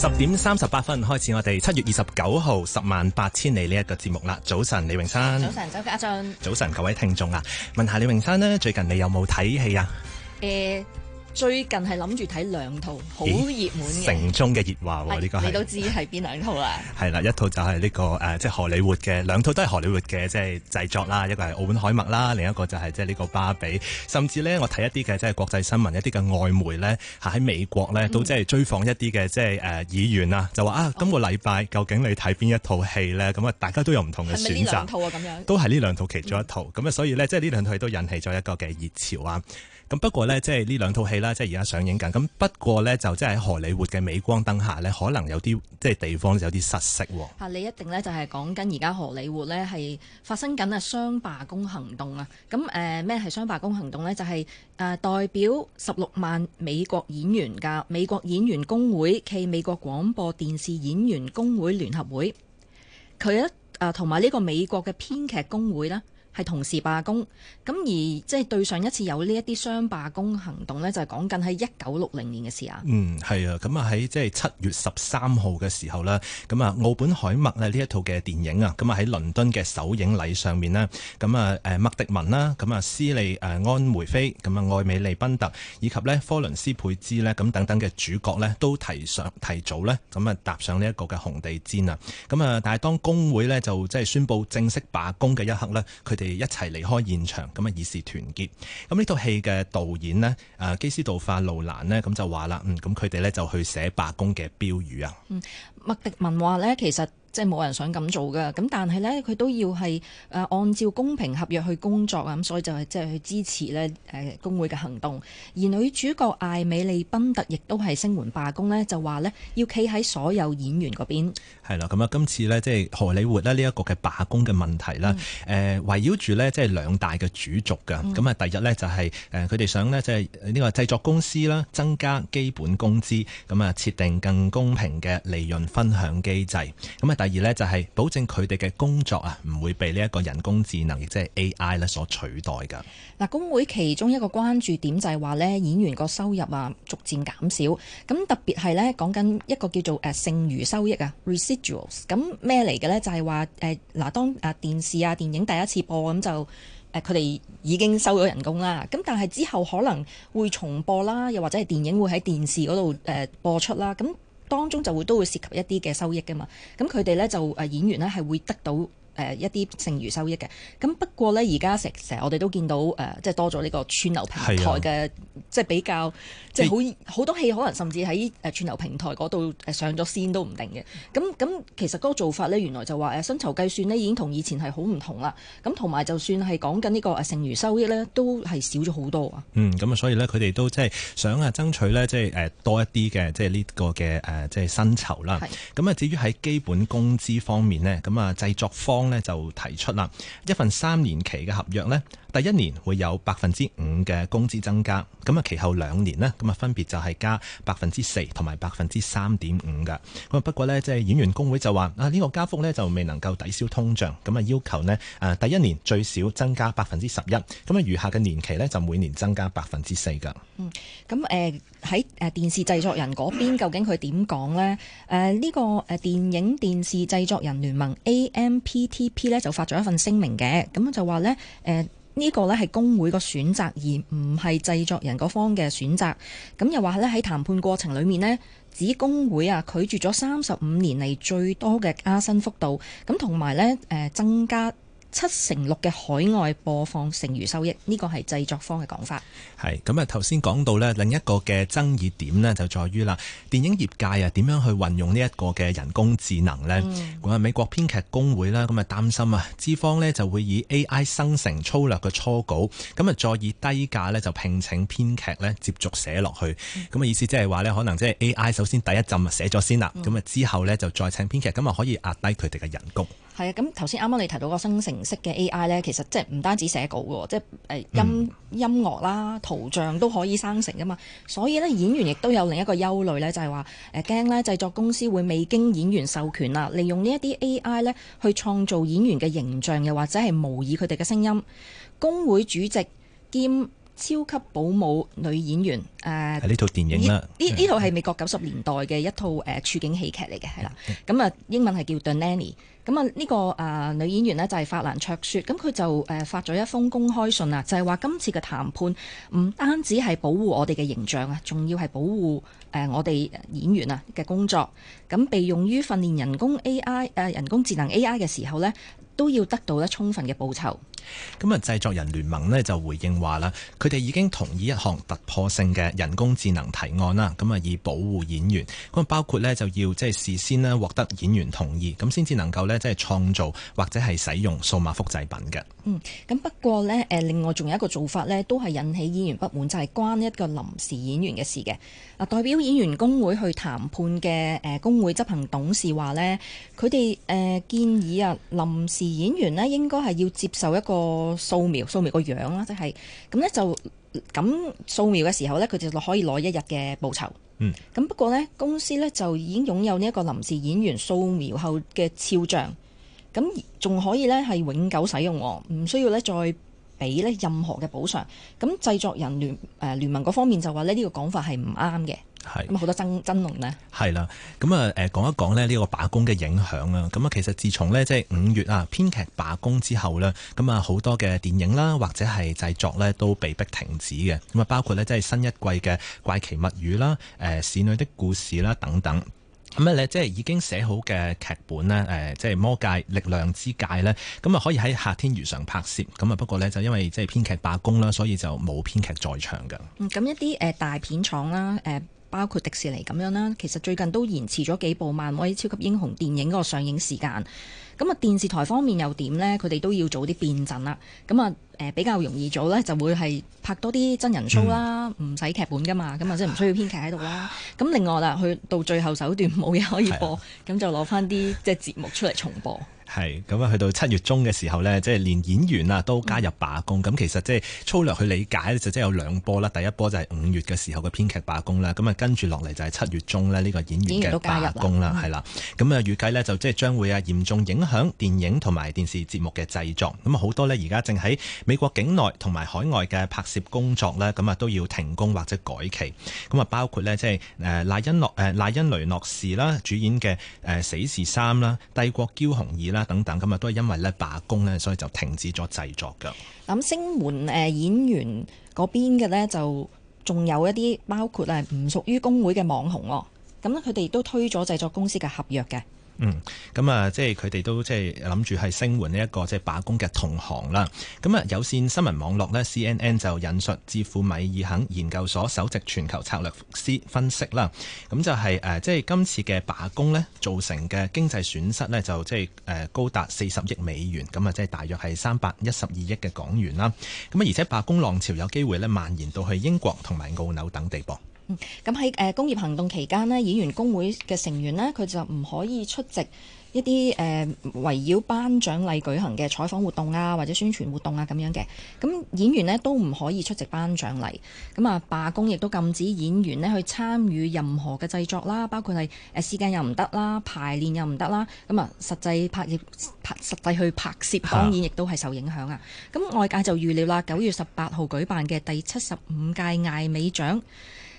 十點三十八分開始我們，我哋七月二十九號十萬八千里呢一個節目啦。早晨，李詠山。早晨，周家俊，早晨，各位聽眾啊，問下李詠山呢，最近你有冇睇戲啊？誒、欸。最近係諗住睇兩套好熱門嘅城中嘅熱話喎，呢、哎這個是你都知係邊兩套啦？係啦，一套就係呢、這個誒，即、呃、係、就是、荷里活嘅兩套都係荷里活嘅即係製作啦，嗯、一個係澳本海默啦，另一個就係即係呢個芭比。甚至呢，我睇一啲嘅即係國際新聞，一啲嘅外媒呢，喺美國呢都即係追訪一啲嘅即係誒議員、呃、啊、嗯，就話啊，今個禮拜究竟你睇邊一套戲呢？」咁啊，大家都有唔同嘅選擇，是是兩套咁、啊、樣都係呢兩套其中一套咁啊、嗯，所以呢，即係呢兩套戲都引起咗一個嘅熱潮啊。咁、嗯、不過呢，即係呢兩套戲。即係而家上映緊。咁不過呢，就即係喺荷里活嘅鎂光燈下呢，可能有啲即係地方有啲失色。吓、啊，你一定呢，就係講緊而家荷里活呢係發生緊啊雙罷工行動啊。咁誒咩係雙罷工行動呢？就係、是、誒、呃、代表十六萬美國演員嘅美國演員工會暨美國廣播電視演員工會聯合會，佢一誒同埋呢個美國嘅編劇工會呢。係同時罷工，咁而即係對上一次有呢一啲雙罷工行動呢，就係講緊喺一九六零年嘅事啊。嗯，係啊，咁啊喺即係七月十三號嘅時候啦，咁啊奧本海默呢一套嘅電影啊，咁啊喺倫敦嘅首映禮上面啦，咁啊麥迪文啦，咁啊斯利安梅菲，咁啊愛美利賓特以及呢科倫斯佩茲呢咁等等嘅主角呢，都提上提早呢，咁啊搭上呢一個嘅紅地氈啊，咁啊但係當工會呢，就即係宣布正式罷工嘅一刻呢。佢哋。一齊離開現場，咁啊以示團結。咁呢套戲嘅導演呢，誒基斯道化路蘭呢，咁就話啦，嗯，咁佢哋呢，就去寫罷工嘅標語啊。嗯、麥迪文話呢，其實。即係冇人想咁做噶，咁但係呢，佢都要係按照公平合約去工作啊，咁所以就係即係去支持呢誒工會嘅行動。而女主角艾美利賓特亦都係聲援罷工呢，就話呢要企喺所有演員嗰邊。係啦，咁啊，今次呢，即係荷里活呢一個嘅罷工嘅問題啦，誒、嗯、圍繞住呢，即係兩大嘅主軸㗎。咁啊，第一呢，就係佢哋想呢，即係呢個製作公司啦，增加基本工資，咁啊設定更公平嘅利潤分享機制，咁啊～第二咧就係保證佢哋嘅工作啊，唔會被呢一個人工智能亦即係 AI 咧所取代㗎。嗱，工會其中一個關注點就係話咧，演員個收入啊逐漸減少。咁特別係咧講緊一個叫做誒剩餘收益啊 residuals。咁咩嚟嘅咧？就係話誒嗱，當啊電視啊電影第一次播，咁就誒佢哋已經收咗人工啦。咁但係之後可能會重播啦，又或者係電影會喺電視嗰度誒播出啦。咁當中就會都會涉及一啲嘅收益噶嘛，咁佢哋咧就誒演員咧係會得到。呃、一啲剩餘收益嘅，咁不過咧，而家成成日我哋都見到誒、呃、即係多咗呢個串流平台嘅，即係比較即係好好多戲可能甚至喺誒串流平台嗰度誒上咗線都唔定嘅。咁咁其實嗰個做法咧，原來就話誒薪酬計算咧已經同以前係好唔同啦。咁同埋就算係講緊呢個誒剩餘收益咧，都係少咗好多啊。嗯，咁啊，所以咧佢哋都即係想啊爭取咧，即係誒多一啲嘅，即係呢個嘅誒即係薪酬啦。咁啊，至於喺基本工資方面咧，咁啊製作方。呢就提出啦一份三年期嘅合約咧，第一年會有百分之五嘅工資增加，咁啊，其後兩年呢，咁啊分別就係加百分之四同埋百分之三點五嘅。咁啊，不過呢，即係演員工會就話啊，呢、這個加幅呢，就未能夠抵消通脹，咁啊，要求呢，誒第一年最少增加百分之十一，咁啊，餘下嘅年期呢，就每年增加百分之四嘅。嗯，咁誒喺誒電視製作人嗰邊究竟佢點講呢？誒、呃、呢、這個誒電影電視製作人聯盟 A.M.P.T.P. 呢，就發咗一份聲明嘅，咁就話呢。誒、呃。呢個咧係工會個選擇，而唔係製作人嗰方嘅選擇。咁又話咧，喺談判過程裏面呢，指工會啊拒絕咗三十五年嚟最多嘅加薪幅度，咁同埋呢，誒增加。七成六嘅海外播放剩餘收益，呢個係製作方嘅講法。係咁啊，頭先講到咧另一個嘅爭議點咧，就在於啦，電影業界啊點樣去運用呢一個嘅人工智能咧？嗯。話美國編劇工會啦，咁啊擔心啊資方咧就會以 AI 生成粗略嘅初稿，咁啊再以低價咧就聘請編劇咧接續寫落去。咁、嗯、啊意思即係話咧，可能即係 AI 首先第一陣啊寫咗先啦，咁、嗯、啊之後咧就再請編劇，咁啊可以壓低佢哋嘅人工。係啊，咁頭先啱啱你提到個生成。式嘅 AI 咧，其實即係唔單止寫稿喎，即係誒音音樂啦，圖像都可以生成噶嘛。所以咧，演員亦都有另一個憂慮咧，就係話誒驚咧製作公司會未經演員授權啊，利用呢一啲 AI 咧去創造演員嘅形象，又或者係模擬佢哋嘅聲音。工會主席兼超級保姆女演員誒，呢套電影啦，呢、啊、呢套係美國九十年代嘅一套誒處境喜劇嚟嘅，係啦。咁啊，英文係叫 The Nanny。咁啊，呢個誒女演員咧就係法蘭卓雪，咁佢就誒發咗一封公開信啊，就係話今次嘅談判唔單止係保護我哋嘅形象啊，仲要係保護。誒，我哋演員啊嘅工作，咁被用於訓練人工 AI 誒人工智能 AI 嘅時候咧，都要得到咧充分嘅報酬。咁啊，製作人聯盟咧就回應話啦，佢哋已經同意一項突破性嘅人工智能提案啦。咁啊，以保護演員，咁啊包括咧就要即係事先咧獲得演員同意，咁先至能夠咧即係創造或者係使用數碼複製品嘅。嗯，咁不過咧誒，另外仲有一個做法咧，都係引起演員不滿，就係、是、關一個臨時演員嘅事嘅。嗱，代表。演員工會去談判嘅，誒，工會執行董事話呢，佢哋誒建議啊，臨時演員咧應該係要接受一個掃描，掃描個樣啦，即係咁呢，就咁、是、掃描嘅時候呢，佢就可以攞一日嘅報酬。嗯，咁不過呢，公司呢就已經擁有呢一個臨時演員掃描後嘅肖像，咁仲可以呢係永久使用，唔需要呢再俾任何嘅補償。咁製作人聯誒聯盟嗰方面就話呢，呢個講法係唔啱嘅。係咁好多爭爭論呢，係啦。咁啊誒講一講咧呢個罷工嘅影響啊。咁啊其實自從呢，即係五月啊編劇罷工之後呢，咁啊好多嘅電影啦或者係製作呢，都被迫停止嘅。咁啊包括呢，即係新一季嘅怪奇物語啦、誒侍女的故事啦等等。咁啊咧即係已經寫好嘅劇本咧誒，即係魔戒力量之戒呢。咁啊可以喺夏天如常拍攝。咁啊不過呢，就因為即係編劇罷工啦，所以就冇編劇在場嘅。嗯，咁一啲誒大片廠啦誒。呃包括迪士尼咁樣啦，其實最近都延遲咗幾部漫威超級英雄電影嗰個上映時間。咁啊，電視台方面又點呢？佢哋都要早啲變陣啦。咁啊。比較容易做呢，就會係拍多啲真人 show 啦，唔、嗯、使劇本噶嘛，咁啊即係唔需要編劇喺度啦。咁、啊啊、另外啦，去到最後手段冇嘢可以播，咁、啊、就攞翻啲即係節目出嚟重播。係咁啊，去到七月中嘅時候呢，即係連演員啊都加入罷工。咁、嗯、其實即係粗略去理解就即、是、係有兩波啦。第一波就係五月嘅時候嘅編劇罷工啦，咁啊跟住落嚟就係七月中呢，呢、呢個演員嘅罷工啦，係啦。咁啊預計呢，就即係將會啊嚴重影響電影同埋電視節目嘅製作。咁啊好多呢，而家正喺，美國境內同埋海外嘅拍攝工作呢，咁啊都要停工或者改期。咁啊包括呢、就是，即係誒賴恩諾誒賴恩雷諾斯啦，主演嘅誒、呃《死侍三》啦，《帝國嬌雄二》啦等等，咁啊都係因為咧罷工呢，所以就停止咗製作㗎。咁星換誒演員嗰邊嘅呢，就仲有一啲包括係唔屬於工會嘅網紅，咁咧佢哋都推咗製作公司嘅合約嘅。嗯，咁啊，即係佢哋都即係諗住係聲援呢一個即係罷工嘅同行啦。咁啊，有線新聞網絡呢 CNN 就引述智庫米爾肯研究所首席全球策略師分析啦。咁就係即係今次嘅罷工呢，造成嘅經濟損失呢，就即係誒高達四十億美元，咁啊，即係大約係三百一十二億嘅港元啦。咁啊，而且罷工浪潮有機會呢蔓延到去英國同埋澳紐等地噃。嗯，咁喺誒工業行動期間咧，演員工會嘅成員咧，佢就唔可以出席一啲誒、呃、圍繞頒獎禮舉行嘅採訪活動啊，或者宣傳活動啊咁樣嘅。咁演員咧都唔可以出席頒獎禮。咁啊，罷工亦都禁止演員咧去參與任何嘅製作啦，包括係誒試鏡又唔得啦，排練又唔得啦。咁啊，實際拍攝拍實際去拍攝，當然亦都係受影響啊。咁外界就預料啦，九月十八號舉辦嘅第七十五屆艾美獎。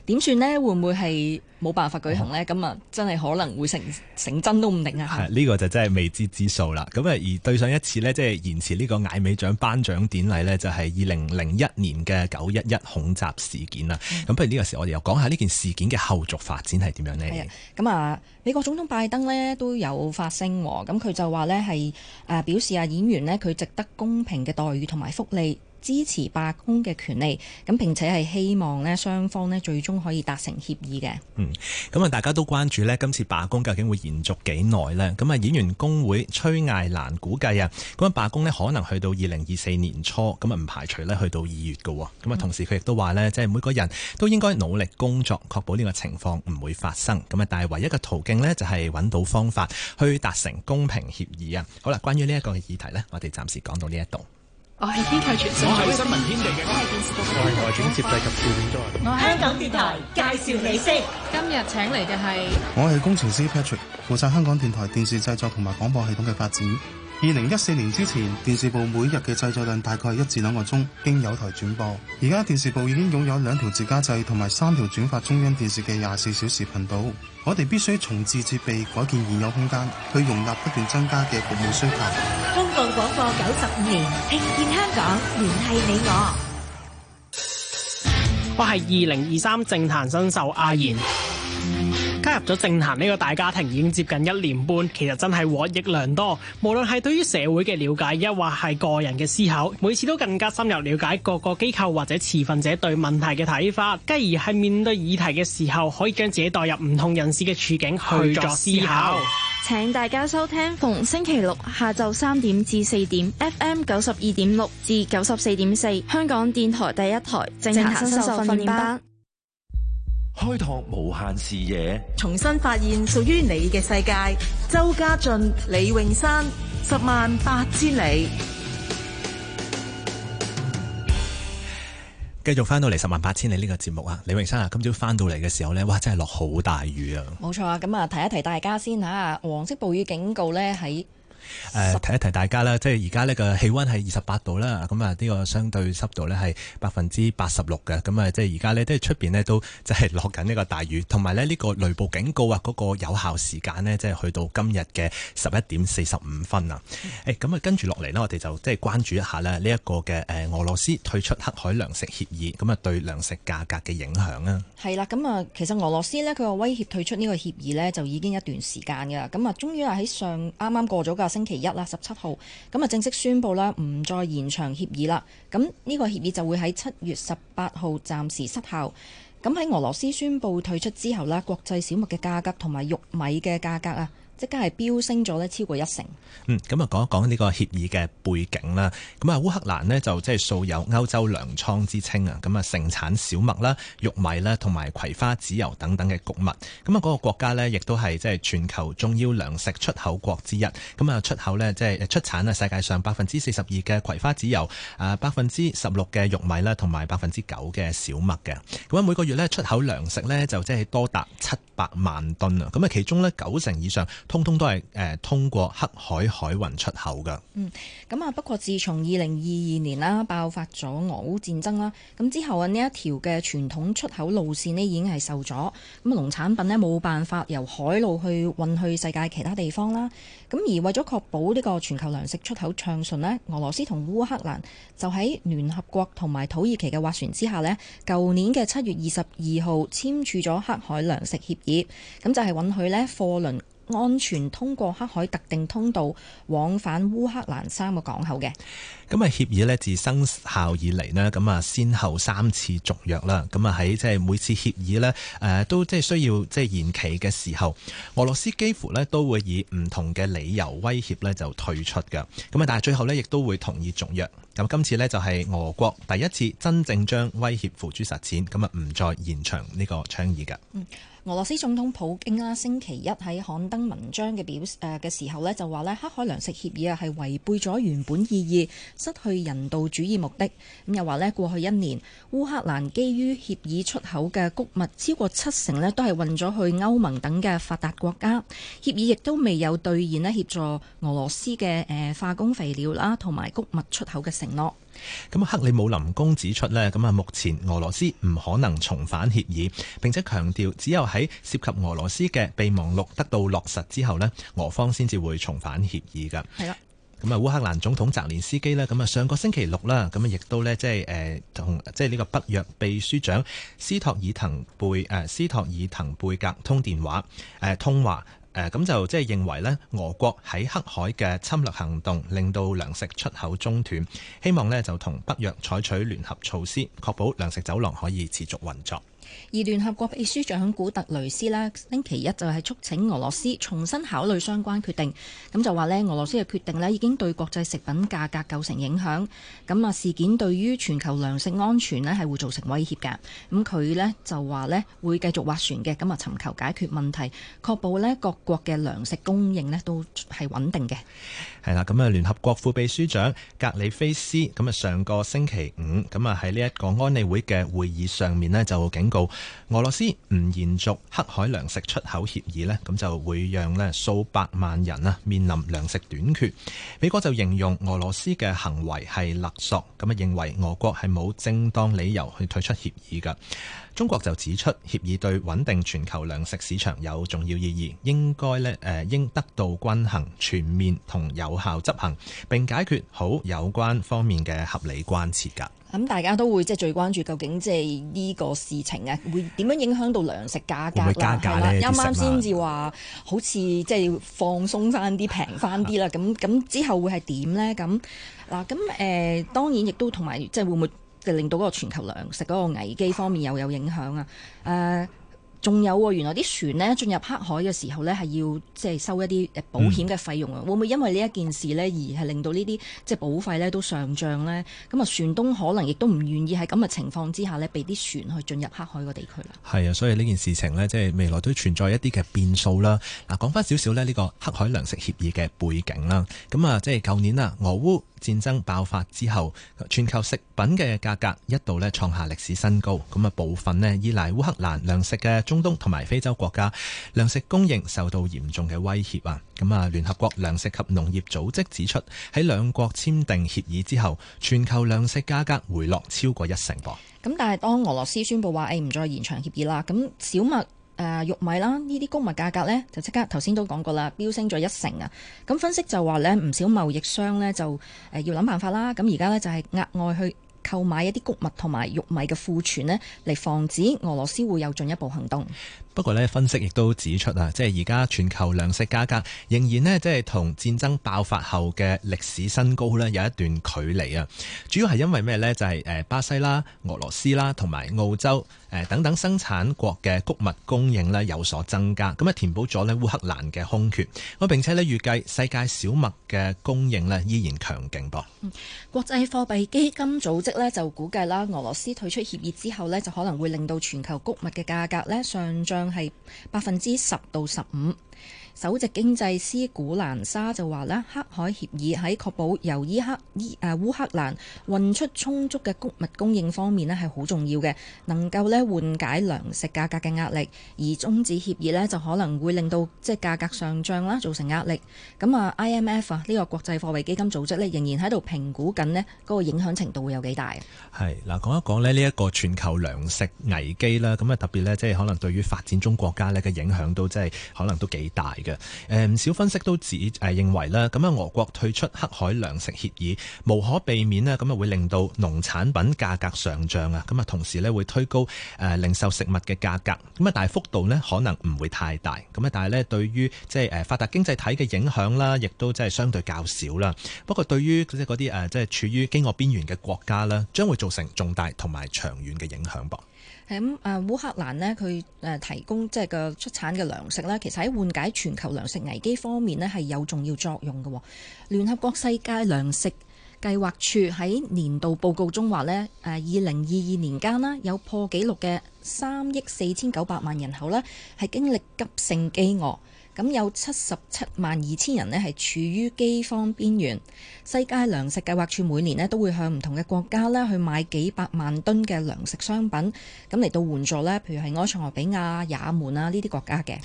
點算呢？會唔會係冇辦法舉行呢？咁、嗯、啊，真係可能會成成真都唔定啊！呢、嗯呢個就真係未知之數啦。咁啊，而對上一次呢，即、就、係、是、延遲呢個艾美獎頒獎典禮呢，就係二零零一年嘅九一一恐襲事件啦。咁、嗯、不如呢個時，我哋又講下呢件事件嘅後續發展係點樣呢？咁啊，美國總統拜登呢都有發聲喎。咁、哦、佢就話呢係誒、呃、表示啊，演員呢，佢值得公平嘅待遇同埋福利。支持罷工嘅權利，咁並且係希望咧雙方咧最終可以達成協議嘅。嗯，咁啊大家都關注咧今次罷工究竟會延續幾耐咧？咁啊演員工會崔艾蘭估計啊，咁啊罷工咧可能去到二零二四年初，咁啊唔排除咧去到二月嘅。咁啊同時佢亦都話咧，即係每個人都應該努力工作，確保呢個情況唔會發生。咁啊但係唯一嘅途徑咧就係揾到方法去達成公平協議啊。好啦，關於呢一個議題咧，我哋暫時講到呢一度。我係天泰傳媒，我係新聞天地嘅，我係電視部嘅，我係同外接攝及攝影，我係香港電台介紹美先，今日請嚟嘅係我係工程師 Patrick，負責香港電台電視製作同埋廣播系統嘅發展。二零一四年之前，電視部每日嘅製作量大概一至兩個鐘，經有台轉播。而家電視部已經擁有兩條自家製同埋三條轉發中央電視嘅廿四小時頻道。我哋必須重置設備，改建現有空間，去容納不斷增加嘅服務需求。公共廣播九十五年，聽見香港，聯繫你我。我係二零二三政壇新秀阿賢。加入咗政壇呢個大家庭已經接近一年半，其實真係獲益良多。無論係對於社會嘅了解，抑或係個人嘅思考，每次都更加深入了解各個機構或者持份者對問題嘅睇法，繼而係面對議題嘅時候，可以將自己代入唔同人士嘅處境去作思考。請大家收聽逢星期六下晝三點至四點，FM 九十二點六至九十四點四，香港電台第一台政壇新秀訓練班。開拓無限視野，重新發現屬於你嘅世界。周家俊、李永山，十萬八千里。繼續翻到嚟十萬八千里呢個節目啊！李永山啊，今朝翻到嚟嘅時候咧，哇，真係落好大雨啊！冇錯啊，咁啊提一提大家先吓，黃色暴雨警告咧喺。誒、呃，提一提大家啦，即係而家呢個氣溫係二十八度啦，咁啊呢個相對濕度呢係百分之八十六嘅，咁啊即係而家呢，即係出邊呢都即係落緊呢個大雨，同埋呢，呢個雷暴警告啊，嗰個有效時間呢，即係去到今日嘅十一點四十五分啊。誒，咁啊跟住落嚟呢，我哋就即係關注一下呢，呢一個嘅誒俄羅斯退出黑海糧食協議，咁啊對糧食價格嘅影響啊。係啦，咁啊其實俄羅斯呢，佢個威脅退出呢個協議呢，就已經一段時間噶啦，咁啊終於啊喺上啱啱過咗。星期一啊，十七號咁啊，正式宣布啦，唔再延長協議啦。咁呢個協議就會喺七月十八號暫時失效。咁喺俄羅斯宣布退出之後咧，國際小麥嘅價格同埋玉米嘅價格啊。即刻係飆升咗咧，超過一成。嗯，咁啊，講一講呢個協議嘅背景啦。咁啊，烏克蘭呢就即係素有歐洲糧倉之稱啊。咁啊，盛產小麥啦、玉米啦，同埋葵花籽油等等嘅穀物。咁啊，嗰個國家呢亦都係即係全球重要糧食出口國之一。咁啊，出口呢即係出產啊，世界上百分之四十二嘅葵花籽油，啊百分之十六嘅玉米啦，同埋百分之九嘅小麥嘅。咁啊，每個月呢，出口糧食呢就即係多達七百萬噸啊。咁啊，其中呢，九成以上。通通都係誒通過黑海海運出口㗎。嗯，咁啊，不過自從二零二二年啦，爆發咗俄烏戰爭啦，咁之後啊，呢一條嘅傳統出口路線咧已經係受阻，咁農產品咧冇辦法由海路去運去世界其他地方啦。咁而為咗確保呢個全球糧食出口暢順呢，俄羅斯同烏克蘭就喺聯合國同埋土耳其嘅斡旋之下呢，舊年嘅七月二十二號簽署咗黑海糧食協議，咁就係允許呢貨輪。安全通過黑海特定通道往返烏克蘭三個港口嘅。咁啊，協議咧自生效以嚟咧，咁啊，先後三次續約啦。咁啊，喺即係每次協議咧，誒都即係需要即係延期嘅時候，俄羅斯幾乎咧都會以唔同嘅理由威脅咧就退出嘅。咁啊，但係最後咧亦都會同意續約，咁今次咧就係俄國第一次真正將威脅付諸實踐，咁啊唔再延長呢個倡議嘅。嗯，俄羅斯總統普京啦，星期一喺刊登文章嘅表示誒嘅時候咧，就話咧黑海糧食協議啊係違背咗原本意義。失去人道主義目的，咁又話咧過去一年，烏克蘭基於協議出口嘅穀物超過七成咧，都係運咗去歐盟等嘅發達國家。協議亦都未有兌現咧協助俄羅斯嘅誒化工肥料啦，同埋穀物出口嘅承諾。咁克里姆林宮指出咧，咁啊目前俄羅斯唔可能重返協議，並且強調只有喺涉及俄羅斯嘅備忘錄得到落實之後咧，俄方先至會重返協議噶。係啦。咁啊，烏克蘭總統澤連斯基啦，咁啊上個星期六啦，咁啊亦都咧，即係誒同即係呢個北約秘書長斯托爾滕貝誒斯托爾滕貝格通電話誒通話誒，咁就即係認為咧，俄國喺黑海嘅侵略行動令到糧食出口中斷，希望咧就同北約採取聯合措施，確保糧食走廊可以持續運作。而聯合國秘書長古特雷斯咧，星期一就係促請俄羅斯重新考慮相關決定。咁就話咧，俄羅斯嘅決定咧已經對國際食品價格構成影響。咁啊，事件對於全球糧食安全咧係會造成威脅嘅。咁佢呢就話咧會繼續斡旋嘅，咁啊尋求解決問題，確保咧各國嘅糧食供應咧都係穩定嘅。係啦，咁啊聯合國副秘書長格里菲斯咁啊上個星期五咁啊喺呢一個安理會嘅會議上面咧就警告。俄羅斯唔延續黑海糧食出口協議呢，咁就會讓呢數百萬人啊面臨糧食短缺。美國就形容俄羅斯嘅行為係勒索，咁啊認為俄國係冇正當理由去退出協議㗎。中國就指出，協議對穩定全球糧食市場有重要意義，應該咧誒、呃，應得到均衡、全面同有效執行，並解決好有關方面嘅合理關切噶。咁、嗯、大家都會即係最關注，究竟即係呢個事情啊，會點樣影響到糧食價格，會唔會加價呢？係啦，啱啱先至話好似即係放鬆翻啲、平翻啲啦。咁咁之後會係點呢？咁嗱，咁誒、呃，當然亦都同埋即係會唔會？就令到嗰個全球糧食嗰個危機方面又有影響啊！誒、呃，仲有喎、啊，原來啲船呢進入黑海嘅時候呢，係要即係收一啲保險嘅費用啊、嗯！會唔會因為呢一件事呢，而係令到呢啲即係保費呢都上漲呢？咁啊，船東可能亦都唔願意喺咁嘅情況之下呢，俾啲船去進入黑海個地區啦。係啊，所以呢件事情呢，即、就、係、是、未來都存在一啲嘅變數啦。嗱、啊，講翻少少呢，呢個黑海糧食協議嘅背景啦。咁啊，即係舊年啊，俄烏，戰爭爆發之後，全球食品嘅價格一度咧創下歷史新高。咁啊，部分咧依賴烏克蘭糧食嘅中東同埋非洲國家糧食供應受到嚴重嘅威脅啊！咁啊，聯合國糧食及農業組織指出，喺兩國簽訂協議之後，全球糧食價格回落超過一成噃。咁但係當俄羅斯宣布話誒唔再延長協議啦，咁小麥。誒、啊、玉米啦，呢啲谷物價格呢，就即刻頭先都講過啦，飆升咗一成啊！咁分析就話呢，唔少貿易商呢，就誒要諗辦法啦。咁而家呢，就係、是、額外去購買一啲谷物同埋玉米嘅庫存呢，嚟防止俄羅斯會有進一步行動。不過咧，分析亦都指出啊，即係而家全球糧食價格仍然呢，即係同戰爭爆發後嘅歷史新高呢，有一段距離啊。主要係因為咩呢？就係誒，巴西啦、俄羅斯啦同埋澳洲誒等等生產國嘅谷物供應咧有所增加，咁啊填補咗呢烏克蘭嘅空缺。咁並且呢，預計世界小麥嘅供應咧依然強勁。噃，國際貨幣基金組織呢，就估計啦，俄羅斯退出協議之後呢，就可能會令到全球谷物嘅價格呢上漲。係百分之十到十五。首席經濟師古蘭莎就話啦：黑海協議喺確保由伊克伊誒烏克蘭運出充足嘅穀物供應方面呢係好重要嘅，能夠呢緩解糧食價格嘅壓力。而中止協議呢就可能會令到即係價格上漲啦，造成壓力。咁啊，IMF 啊呢個國際貨幣基金組織呢，仍然喺度評估緊呢嗰個影響程度會有幾大。係嗱，講一講呢一個全球糧食危機啦，咁啊特別呢，即係可能對於發展中國家呢嘅影響都即係可能都幾大嘅。誒，唔少分析都指誒認為咧，咁啊俄國退出黑海糧食協議，無可避免咧，咁啊會令到農產品價格上漲啊，咁啊同時咧會推高誒零售食物嘅價格，咁啊但係幅度呢可能唔會太大，咁啊但係呢，對於即係誒發達經濟體嘅影響啦，亦都即係相對較少啦。不過對於即係嗰啲誒即係處於飢餓邊緣嘅國家啦，將會造成重大同埋長遠嘅影響噃。咁啊，烏克蘭呢，佢誒提供即係個出產嘅糧食呢，其實喺緩解全球糧食危機方面呢，係有重要作用嘅。聯合國世界糧食計劃署喺年度報告中話呢，誒二零二二年間啦，有破紀錄嘅三億四千九百萬人口啦，係經歷急性饑餓。咁有七十七萬二千人呢係處於饑荒邊緣。世界糧食計劃處每年呢都會向唔同嘅國家呢去買幾百萬噸嘅糧食商品，咁嚟到援助呢，譬如係埃塞俄比亞、也門啊呢啲國家嘅。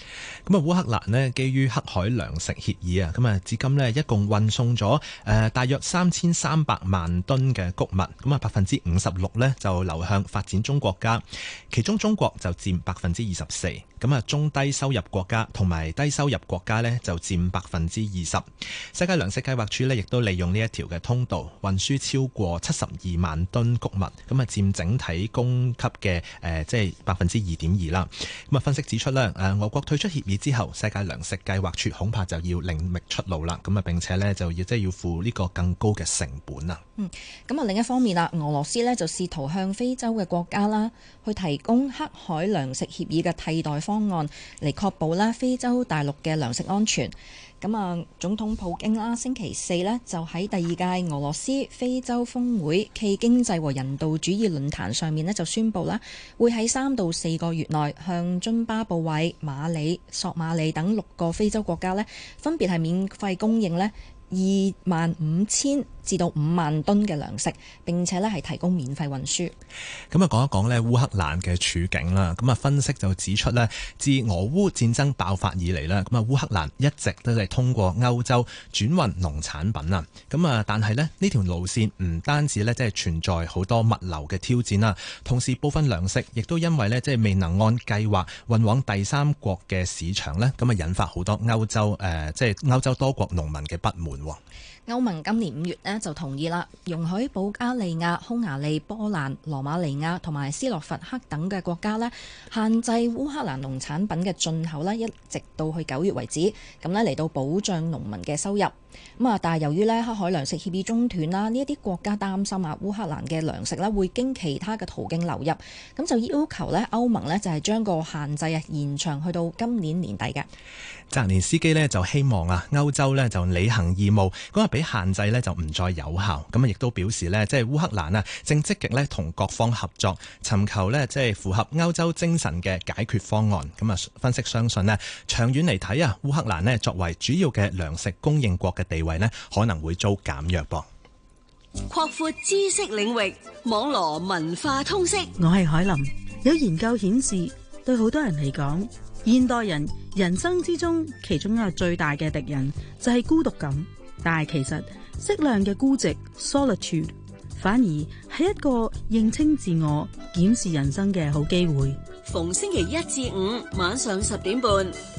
咁啊烏克蘭呢，基於黑海糧食協議啊，咁啊至今呢，一共運送咗、呃、大約三千三百萬噸嘅穀物，咁啊百分之五十六呢，就流向發展中國家，其中中國就佔百分之二十四。咁啊，中低收入國家同埋低收入國家咧，就佔百分之二十。世界糧食計劃署咧，亦都利用呢一條嘅通道，運輸超過七十二萬噸穀物，咁啊，佔整體供給嘅誒即係百分之二點二啦。咁啊，分析指出咧，誒俄國退出協議之後世界糧食計劃署恐怕就要另覓出路啦。咁啊，並且咧就要即係要付呢個更高嘅成本啊。嗯，咁啊，另一方面啦，俄羅斯咧就試圖向非洲嘅國家啦，去提供黑海糧食協議嘅替代方。方案嚟，確保啦非洲大陸嘅糧食安全。咁啊，總統普京啦，星期四呢就喺第二屆俄羅斯非洲峰會暨經濟和人道主義論壇上面呢就宣布啦，會喺三到四個月內向津巴布韋、馬里、索馬里等六個非洲國家呢，分別係免費供應呢二萬五千。至到五萬噸嘅糧食，並且咧係提供免費運輸。咁啊，講一講咧烏克蘭嘅處境啦。咁啊，分析就指出咧，自俄烏戰爭爆發以嚟咧，咁啊，烏克蘭一直都係通過歐洲轉運農產品啊。咁啊，但係咧呢條路線唔單止咧，即係存在好多物流嘅挑戰啦。同時部分糧食亦都因為咧即係未能按計劃運往第三國嘅市場咧，咁啊，引發好多歐洲誒，即係歐洲多國農民嘅不滿。歐盟今年五月就同意了，容許保加利亞、匈牙利、波蘭、羅馬尼亞同埋斯洛伐克等嘅國家限制烏克蘭農產品嘅進口，一直到去九月為止，咁嚟到保障農民嘅收入。咁啊，但係由於咧黑海糧食協議中斷啦，呢一啲國家擔心啊烏克蘭嘅糧食咧會經其他嘅途徑流入，咁就要求咧歐盟咧就係將個限制啊延長去到今年年底嘅。澤連斯基咧就希望啊歐洲咧就履行義務，今日俾限制咧就唔再有效。咁啊，亦都表示咧即係烏克蘭啊正積極咧同各方合作，尋求咧即係符合歐洲精神嘅解決方案。咁啊，分析相信咧長遠嚟睇啊，烏克蘭咧作為主要嘅糧食供應國嘅，地位呢可能會遭減弱。噃擴闊知識領域，網羅文化通識。我係海林。有研究顯示，對好多人嚟講，現代人人生之中其中一個最大嘅敵人就係、是、孤獨感。但係其實適量嘅孤寂 （solitude） 反而係一個認清自我、檢視人生嘅好機會。逢星期一至五晚上十點半，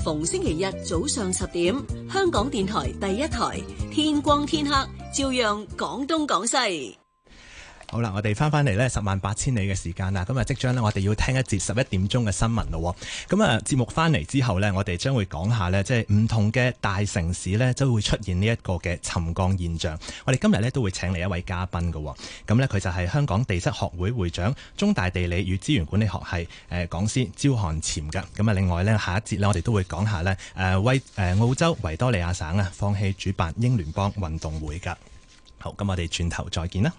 逢星期日早上十點，香港電台第一台，天光天黑照樣講東講西。好啦，我哋翻翻嚟呢十萬八千里嘅時間啦，咁啊，即將呢，我哋要聽一節十一點鐘嘅新聞咯。咁啊，節目翻嚟之後呢，我哋將會講下呢，即係唔同嘅大城市呢，就會出現呢一個嘅沉降現象。我哋今日呢，都會請嚟一位嘉賓喎。咁呢，佢就係香港地質學會會長、中大地理與資源管理學系誒講、呃、師招翰潛噶。咁啊，另外呢，下一節呢，我哋都會講下呢，誒維誒澳洲維多利亞省啊放棄主辦英聯邦運動會噶。好，咁我哋轉頭再見啦。